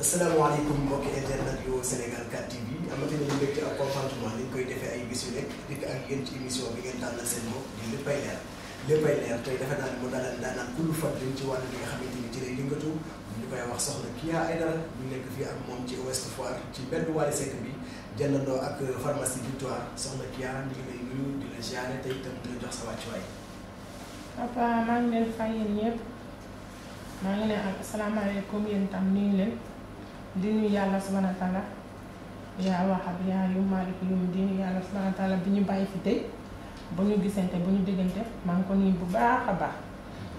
asalaamaaleykum mbokki internet yu Sénégal 4 TV amati nañu mbégte ak contentement ni ñu koy defee ay bis yu nekk dikk ak yéen ci émission bi ngeen tànnal seen bopp di léppay leer léppay leer tey defe naa ne mu dalal daanaan kullu ci wàllu li nga xamante ni ci lay yëngatu ñu koy wax soxna Kya Aidara ñu ak moom ci Ouest Foire ci benn Wally Seck bi jëndandoo tey itam di jox sa wàccuwaay. papa maa ngi leen fay yéen ñëpp maa ngi leen ak asalaamaaleykum yéen tam nuyu leen. di nuyu yàlla subhanahu wa taala yaa waxab yaa yu maalik yu di nuyu yàlla subhanahu bi ñu bàyyi fi tey bu ñu gisante bu ñu déggante maa ngi ko nuyu bu baax a baax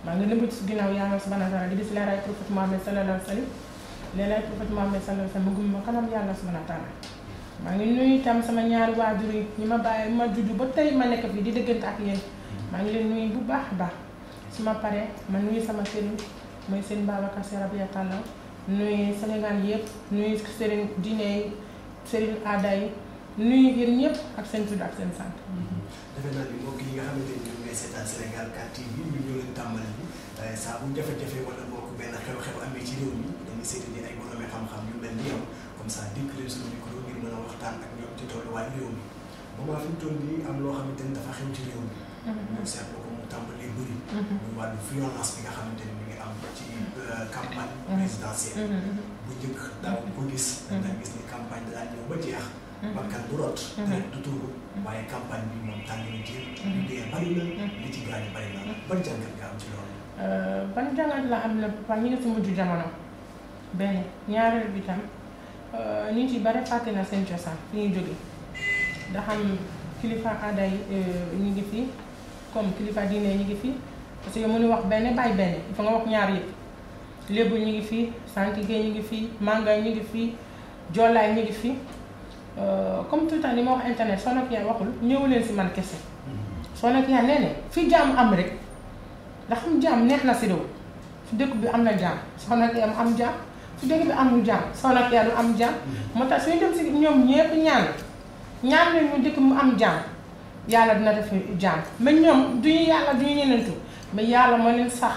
maa ngi nëbbu ci ginnaaw yàlla subhanahu wa taala di gis leeraay prophète Mohammed sallallahu alayhi wa sallam leeraay prophète Mohammed sallallahu alayhi wa sallam mu ngi ma kanam yàlla subhanahu wa taala maa ngi nuyu itam sama ñaari waajur yi ñu ma bàyyi ma juddu ba tey ma nekk fii di déggante ak yéen maa ngi leen nuyu bu baax baax su ma paree ma nuyu sama sëriñ mooy seen Babacar Sy Rabia Talla nuyu Sénégal yëpp nuyu sëriñ diine yi sëriñ aada yi nuyu yéen ñëpp ak seen tudd ak seen sant. Mhm. defe naa ni mbokk yi nga xamante ni ñoom ñooy seetaan Sénégal 4 TV ñu ñoo leen tàmbali euh, saa bu jafe-jafe wala mbokk benn xew-xew amee ci réew mi dañuy seeti ni ay borom xam-xam yu mel ni yow comme ça dikk suñu micro ngir mën a waxtaan ak ñoom ci tolluwaay réew mi ba maa fi toll nii am loo xamante ni dafa xew ci réew mi. Mhm. ñoom seetlu ko. tàmbalee bëri. Mm-hmm. muy wàllu violence bi nga xamante ni mi ngi am ci euh, campagne mm-hmm. présidentielle. Mm-hmm. bu njëkk daaw ko gis. nga gis ni campagne da daan ñëw ba jeex. bakkan bu rot. deret du tuuru. waaye campagne bi moom tàng na ci. bari na li ci bari na nga am ci loolu. Euh, ban jàngat la am la ba ñu si mujj jamono benn ñaareel bi euh, nit yi bare fàtte na seen cosaan fi ñuy jóge da xam kilifa aada ñu ngi fi. comme kilifa diine ñu ngi fi parce que mënu wax benn bay benn faut nga wax ñaar yëpp lébu ñu ngi fi santige ge ngi fi manga ñu ngi fi jollaay ñu ngi fi euh, comme tout temps li ma wax internet soo nag yaa waxul ñëw leen si man kese soo nag yaa nee fi jaam am rek ndax xam jaam neex na si réew fi dëkk bi am na jaam soo nag yaa am jaam fi dëgg bi amul jam soo nag yaa du am jam moo tax suñu dem si ñoom ñëpp ñaan ñaan leen mu dëkk mu am jam yàlla dina def ñu jàmm mais ñoom duñu yàlla duñu ñenentu mais yàlla moo leen sax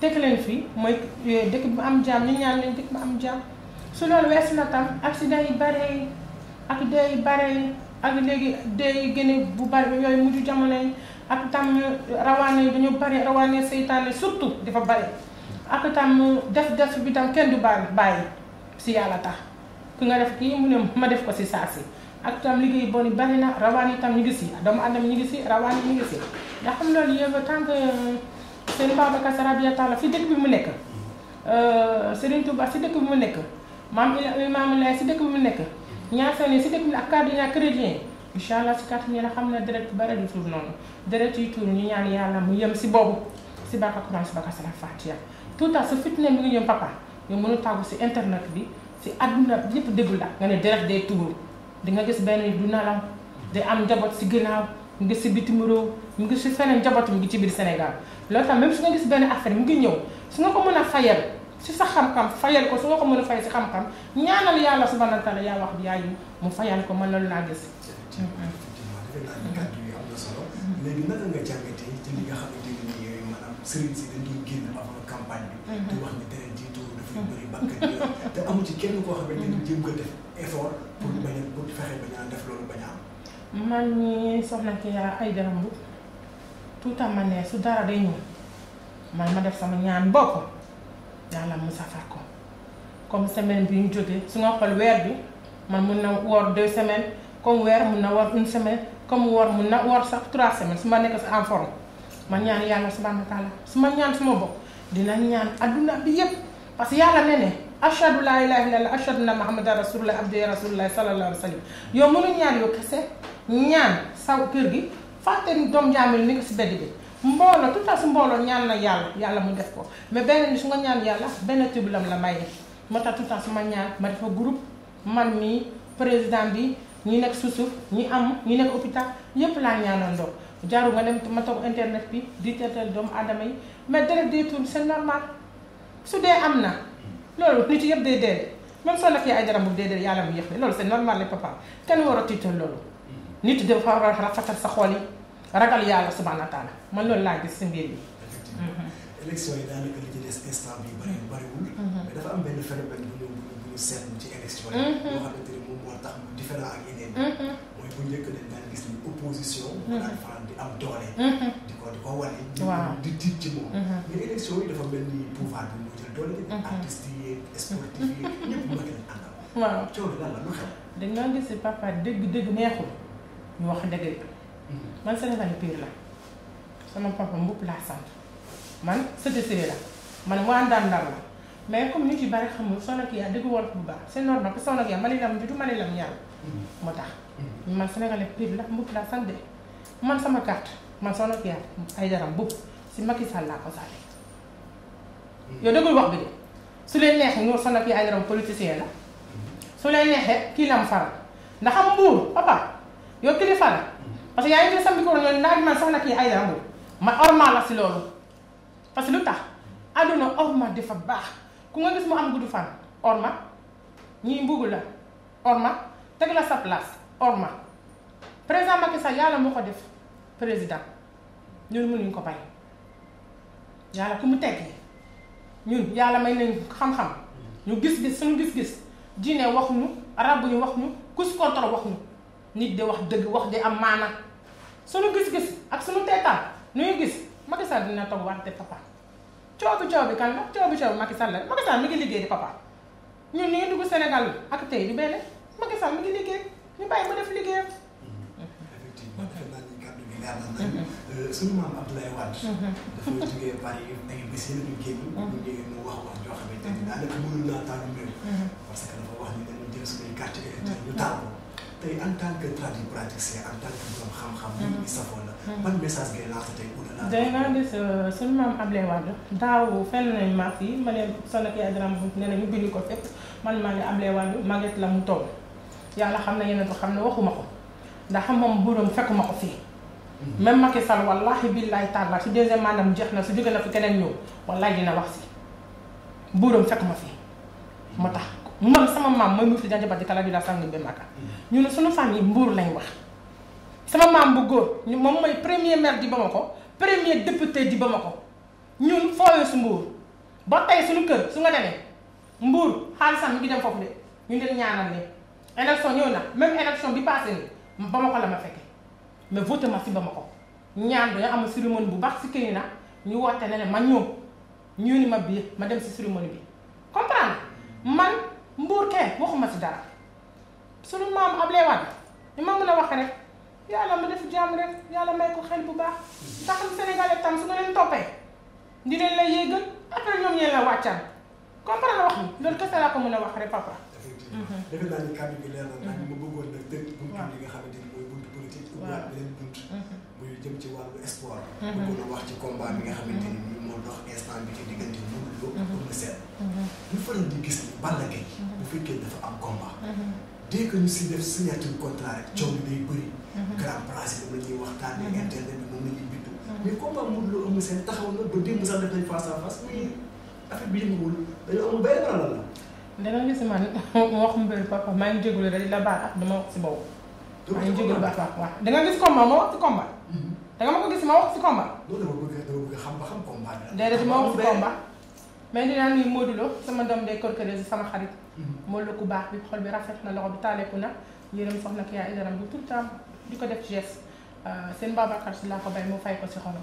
teg leen fii mooy eh, dëkk bu am jàmm ñu ñaan leen dëkk bu am jàmm su loolu weesu na tam ak si yi bare yi ak dee yi bare yi ak léegi dee yi gën a bu bare yooyu mujj jamono yi ak tam rawaane yi dañu bare rawaane seytaane surtout dafa bare ak tam def def bi tam kenn du bàyyi bàyyi si yàlla tax ku nga def kii mu ne ma def ko si saa si ak tam liggéey bon yi bari na rawaan yi tam ñu ngi si doomu aadama ñu ngi si rawaan yi ñu ngi si tant que euh, seen Babacar Sy Rabia Talla fi dëkk bi mu nekk euh, Serigne Touba si dëkk bi mu nekk maam Imaamu Laay si dëkk bi mu nekk ñaasane si dëkk bi ak a chrétien incha allah si kàttan yàlla xam na deret bari du tuur noonu deret yi tuur ñu ñaan yàlla mu yem si boobu si barka Quran si barka Sala Fatiha tout à sa fitna mi ngi ñoom papa ñu mënu tàggu si internet bi si àdduna bi yëpp déglu la nga ne deret day tuur di nga gis benn du nelaw di am njaboot si ginnaaw mu ngi si bitim réew mu ngi si feneen njaboot mu ngi ci biir Sénégal loolu tam même su nga gis benn affaire mu ngi ñëw su nga ko mën a fayal si sa xam-xam fayal ko su nga ko mën a fayal si xam-xam ñaanal yàlla subhanahu wa yaa wax bi yaayu mu fayal ko mën loolu laa gis. effectivement sëriñ si dañ doon génn avant campagne bi. di wax ni terrain jiitu dafay bëri bakkan yi te amu ci kenn koo xamante ni jéem ko def effort pour mhm. bañ a pour fexe bañ a def loolu bañ a am. man ñi soxna Kya ay dara mu tout à ma ne su dara day ñëw man ma def sama ñaan bopp yàlla mu safar ko comme semaine bi ñu jógee su nga xool weer bi man mun na woor deux semaines comme weer mun na woor une semaine comme woor mun na woor sax trois semaines su ma nekk sa en forme ma ñaan yàlla subhanahu wa taala su ma ñaan suma bopp dina ñaan adduna bi yépp parce que yàlla ne ne ashadu laa ilaaha illallah ashadu na muhammadan rasulullah abdi rasulullah sallallahu alayhi wa sallam yow mënu ñaan yow kese ñaan saw kër gi fàtte doom jaamil ni nga si bedd bi mbooloo tout à su mbooloo ñaan na yàlla yàlla mu def ko mais benn ni su nga ñaan yàlla benn tibulam la maye moo tax tout à su ma ñaan ma defa groupe man mi président bi ñi nekk suuf ñu am ñi nekk hôpital yépp laa ñaanandoo jaaru nga dem ma toog internet bi di tëtal doomu aadama yi mais deret day tuur c'est normal su dee am na loolu nit yëpp day dee même soo nekk ay jaram bu dee dee yàlla bu yéex loolu c'est normal les papa kenn war a tiital loolu. nit dafa war a rafetal sa xool yi ragal yàlla subhaanahu wa taala man loolu laa gis si mbir bi. effectivement mhm. élection yi. tax mu différent ak yeneen mooy bu njëkk dañ daan gis ni opposition daan di am doole di ko di mais élection yi dafa mel pouvoir bi moo jël doole sportifs ñëpp waaw coono lan la lu dañ doon gis si papa neexul ñu wax dëgg mm-hmm. man Sénégal pire la sama papa de laa man la man waa Ndar Ndar mais comme nit yi bari xamul Sonakia ah dégg wolof bu baax c'est normal parce que Sonakia ah Malayalam bi du Malayalam ñaar mm-hmm. moo tax mm-hmm. man sénégalais pire la mbub laa sant de man sama carte man Sonakia ah ay daram bub si Macky laa ko sànni mm-hmm. yow déggul wax bi de su leen neexee ñu Sonakia ay daram politicien la su leen neexee kii la faral ndax am mbuur papa yow kilifa parce que yaa ngi jël sa micro ñoom di man Sonakia ay daram bub ma orma parce que lu tax àdduna orma baax ku nga gis mu am fan orma ñi mbugu la orma teg la sa place orma président Macky Sall yalla moko def président ñun mënuñ ko bay yalla ku mu tegg ñun yalla may nañ xam-xam ñu gis-gis suñu gis-gis diine wax ñu rab ñu wax ñu kus contrôle wax ñu nit de wax deug wax de am mana suñu gis-gis ak suñu teetaan gis Macky Sall dina tok wante papa coobi coobi kan la coobi coobi Macky Sall la Macky mi ngi liggéey di papa ñun ni ngi dugg Sénégal ak tey du mi ngi liggéey ñu bàyyi mu def liggéeyam. effectivement defe ni kàddu gi leer na. Mhm. Euh, suñu maam Abdoulaye Wade. Mhm. dafa jógee Paris ay bés yi la ñu génn. ñu mhm. jógee mu wax wax joo xamante ni daanaka mënul naa taal mbir parce que dafa wax ni dañu jël suñuy carte électorale ñu taal tey en tant que tradipraticien en tant que borom xam-xam. ñu ngi safoon la. ban message ngay laata tey au-delà. day naa gis suñu maam Ablaye Wade daaw fenn nañ ma fii ma ne sonn ak yaay daraam ne nañu bind ko fépp man maa ngi Ablaye Wade màgget la mu toll yàlla xam na yeneen ko xam ne waxuma ko ndax moom borom fekkuma ko fii. même Macky Sall wallaahi billaahi taala su deuxième maanaam jeex na su jóge na fi keneen ñëw wallaahi dina wax si borom fekkuma fii moo tax. man sama maam mooy Moussa Diagne Badji Talla bi daal sànq benn ñu ne suñu famille Mbour lañ sama maam bu góor moom mooy premier maire di Bamako premier député di Bamako ñun fooyee su Mbour ba tey suñu kër su nga demee Mbour xaalisam mi ngi dem foofu ñu leen ñaanal ne élection ñëw na même élection bi passé ni Bamako la ma fekke mais voté ma si Bamako ñaan dañoo am cérémonie bu baax si këy na ñu woote ne ne ma ñëw ñu ma biir ma dem si cérémonie bi comprendre man. mbuur kee waxuma ci dara sunu maam Ablaye Wade ni ma mën a waxee rek yàlla ma def jàmm rek yàlla may ko xel bu baax ndax am sénégalais tam su nga leen toppee di leen la yéegal après ñoom ñeen la wàccan comprendre wax mi loolu kese laa ko mën a wax rek papa. effectivement mhm. defe naa ni kàddu bi leer na ndax mhm. ma bëggoon nag tëj buntu li nga xamante ni mooy buntu politique ubbiwaat beneen bunt mhm. muy jëm ci wàllu sport bëggoon a wax ci combat bi nga xamante ni moo dox instant bi ci diggante ko pour nga seet ñu faral di gis mm-hmm. mm-hmm. mm-hmm. ni Balla Gaye bu fekkee dafa am combat dès que ñu si def signature contrat rek coow bi day bëri grand place yi la ñuy waxtaanee internet bi moom la ñuy bindu mais combat Modou Lo Eumeu Sène taxaw na ba démb sax def nañ face à face mais affaire bi yënguwul dañoo amul benn lan la dana si man wax mbir papa maa ngi jégalu rek la baax ak dama wax si boobu maa ngi jégalu baax baax waaw da nga gis combat ma wax si combat da nga ma ko gis ma wax si combat loolu dama bëgg dama bëgg xam ba xam combat déedéet ma wax si combat mais dinaa nuyu modulo sama dom day korkërési sama xarit mo Lo ku bax bi xol bi rafet na loxo bi taaleku na yeeram soxna ki ya idaram bu tout temps diko def geste sen Babacar si laa ko bay mo fay ko ci xono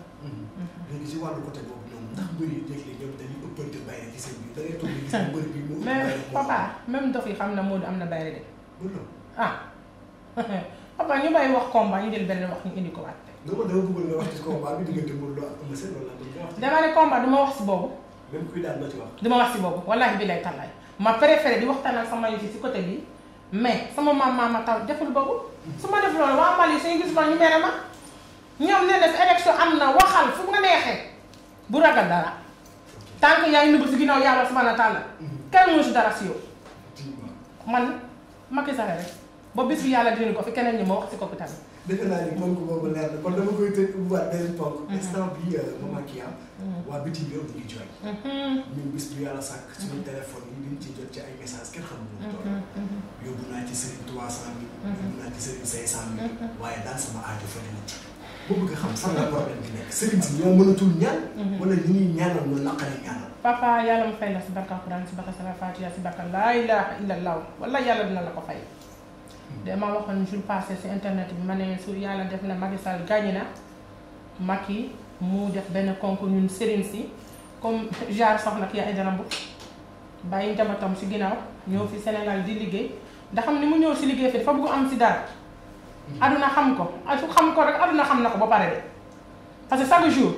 ngi ci walu côté bobu ñoom ndax mbëri léeg-léeg ñoom ëppal te bayre ci sen bi da ngay toog gis mbër bi mo mais papa même dof yi xamna na Modou am na bayre de ah papa ñu bàyyi wax combat ñu jël benn wax ñu indi ko wat dama dama bëggul nga wax ci combat bi digënté Modou Lo ak Eumeu Sène loolu laa wax dama ne combat dama wax ci bobu même kuy daan ci wax. du ma wax si boobu wallaahi bi lay tàllaay ma préféré di waxtaan ak sama yu si si côté bi mais sama maam maama taw deful boobu. su ma def loolu waa Mali suñu gis ma ñu mere ma ñoom nee na am na waxal fu nga neexee bu ragal dara tant que yaa ngi nëbbu si ginnaaw yàlla subhanahu wa taala kenn mënu si dara si yow. man Macky Sall rek ba bis bi yàlla dinañu ko fi keneen ñi ma wax si kooku tamit. defe naa ni ponk boobu leer na kon dama koy tëj ubbiwaat beneen ponk. Mm-hmm. instant bi euh, maman Kia. Mm-hmm. waa bitim réew mi ngi jooy. Mm-hmm. ñun bis bu yàlla sàkk suñu téléphone yi dañ ci jot ci ay messages kenn xamul lu mu toll. yóbbu naa ci sëriñ trois cent mille. yóbbu naa ci sëriñ cinq cent mille. waaye daal sama aajo fa dina ci. boo a xam fan la problème yàlla ma fay la si barka Alxuraan si barka Salafaatiya si barka laa ilaaha illallaah wala yàlla dina la ko fay. dama waxoon jour passé ci internet bi ma ne su yàlla def na Macky Sall gagné na yi mu def benn concours ñun sëriñ si comme genre soxna ay yaay dara bàyyi njabootam si ginnaaw ñëw fi Sénégal di liggéey ndax xam ni mu ñëw si liggéey fi dafa bëgg am ci dara. aduna xam ko su xam ko rek aduna xam na ko ba pare de parce que chaque jour. Mhm.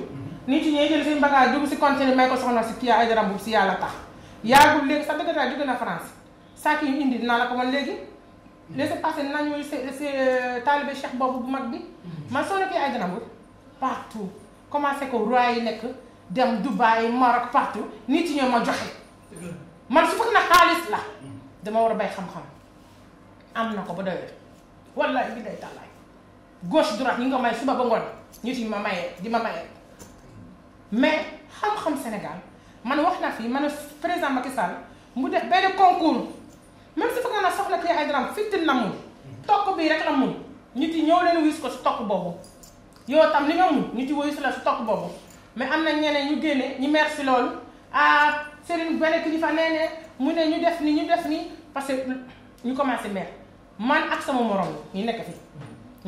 nit ñi ñooy jël seen bagage dugg ci conteneur may ko soxna ci kii ay dara ci yàlla tax. yaa ngi léegi sax dëgg laissez passer nañu si si euh, talibé cheikh bobu bu mag bi mm-hmm. man soo nekkee ay ganamul partout commencé ko roi yi nekk dem dubai Maroc partout nit ñoo ma joxe man su fekk na xaalis la mm-hmm. dama wara bay xam-xam am nako ko ba doyoo wallaay bi day tàllaay gauche droite ñi nga may suba ba ngone nit ñi ma maye di ma maye mais xam-xam Sénégal man wax na fi man président Macky Sall mu def ben concours même si foog na nag soxla Kya Aidara fitin na mun tokk bii rek la mun nit yi ñëw leen wis ko si tokk boobu yow tam li nga mun nit yi wis la si tokk boobu mais am na ñeneen ñu génne ñu mer si loolu ah Serigne benn kilifa nee ne mu ne ñu def nii ñu def ni parce que ñu commencé mer man ak sama moroom ñu nekk fi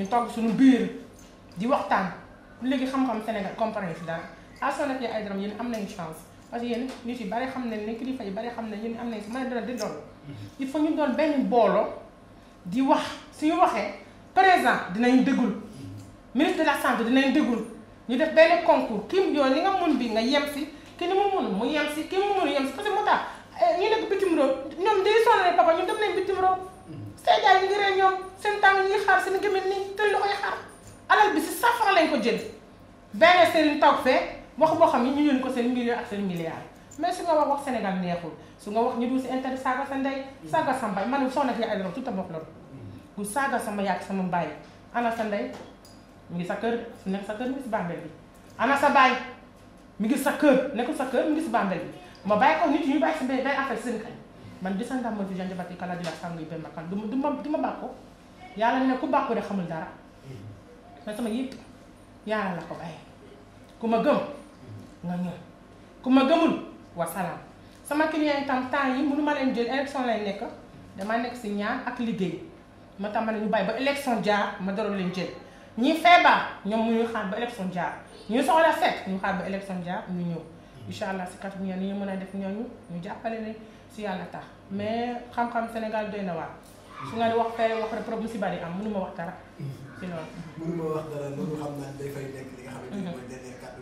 ñu togg suñu biir di waxtaan léegi xam-xam Sénégal comprendre fi dara ah soxla Kya Aidara yéen am nañu chance parce que yéen nit yi bari xam nañ ne kilifa yi bari xam nañ yéen am nañu si mën a dara di doon il faut ñu doon benn mbooloo di wax ñu waxee présent dinañ déglu ministre de la santé dinañ déglu ñu def benn concours kii yow li nga mun bi nga yem si ki ni mu mun mu yem si ki mu mun yem si parce que moo tax eh, ñu nekk bitim réew ñoom day sonal papa ñun dem nañ bitim réew seen jaay yi ngi ree ñoom seen tàng yi xaar seen gémmiñ nii te lu koy xaar alal bi si safara lañ ko jël benn seen taw fee wax boo xam ne ñu yónni ko seen million ak seen milliard mais su nga wax wax Sénégal neexul su nga wax ñu dul si intérêt sa nday saga sa mbay man soxna fi ay tout am wax saga sa sama yak sama mbay ana sa nday mi ngi sa su nekk sa keur mi ci bambel bi ana sa bay mi ngi sa keur sa keur mi ngi ci bambel bi ma bay ko nit ñu bay ci mbay bay affaire sen kan man descendant ma du kala di la sangu ben makal du du ma du ma ne ku bako de xamul dara ma sama yëpp yalla la ko bay ku gëm nga ñu ku gëmul wassalam sama client tam tan yi mënu ma leen jël election lay nek dama nek ci ñaan ak liggey ma tax ma ne ñu bàyyi ba election jaar ma doro len jël ñi feba ñom mu xaar ba election jaar ñu soxla fekk ñu xaar ba election jaar ñu ñëw inshallah ci katu ñaan yàlla ñu mën def ñoñu ñu jappalé né ci yalla tax mais xam-xam Sénégal doyna wa su nga di wax fay wax rek problème ci bari am mënu ma wax dara. ci loolu mënu ma wax dara munu xam na day fay nek li nga xamante ne mooy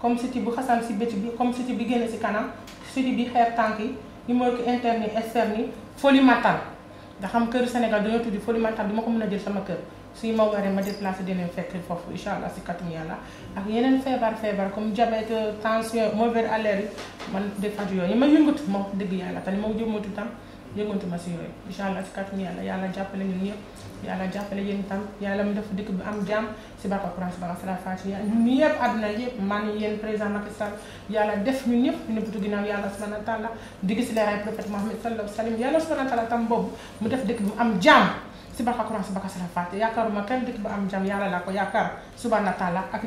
comme siti bu xasan si bëcc bi comme siti bi génn si kanam siti bi xeer tànk yi numéro ki interne yi externe yi folimatal nga xam këru Sénégal dañoo tuddi folimatal du ma ko mën a jël sama kër suñu ma waree ma déplacé dineen fekk foofu incha allah si kàttanu yàlla ak yeneen feebar feebar comme diabète tension mauvaise haleine man de faju yooyu yi ma yëngatu ma wax dëgg yàlla te li ma jëmmatu tam yëngoonte ma si yooyu incha allah si kàttanu yàlla yàlla jàppale ñun ñëpp yàlla jàppale yéen tam yàlla mu def dëkk bi am jàmm si barka Quraan si barka Salaat Faatiha ñun ñëpp àdduna yëpp man yéen président Macky yàlla def ñun ñëpp ñu ne butu ginnaaw yàlla subhanahu wa di gis leeraay prophète Mohammed sallallahu alayhi wa sallam yàlla subhanahu tam boobu mu def dëkk bi am jàmm si barka Qur'an si barka sala faate yaakaaruma kenn dëkk ba am jàmm yàlla laa ko yaakaar subhaana taala ak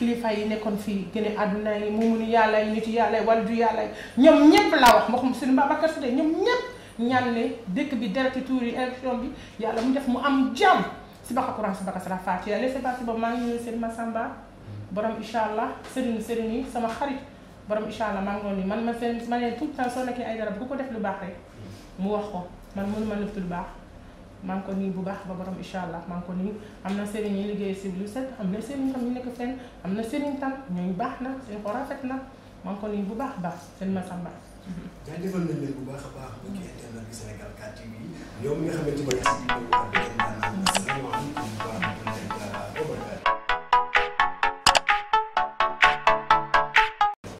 kilifa yi nekkoon fii gën a àdduna yi mumuni yàlla yi nit yàlla yi wàllu yàlla yi ñoom ñëpp laa wax mboq Sëriñ Babacar Sy de ñoom ñëpp ñaan ne dëkk bi dereti tuur yi élection bi yàlla mu def mu am jàmm si barka Qur'an si barka sala faate yàlla si barka boobu maa ngi nuyu Sëriñ Massamba borom incha allah sëriñ sëriñ yi sama xarit borom incha allah maa ngi noonu man ma seen ma ne tout le temps soo nekkee ay dara bu ko def lu baax rek mu wax ko man mënu ma def lu baax maa ngi ko nuyu bu baax ba borom incha allah maa ko nuyu am na sëriñ yi liggéey si lu set am na sëriñ xam ñu nekk fenn am na sëriñ tam ñooñu baax na seen ko rafet na maa ngi ko nuyu bu baax baax seen masamba jaajëfal nañ leen bu baax a baax mbokki internet bi Sénégal 4 TV ñoom nga xamante ne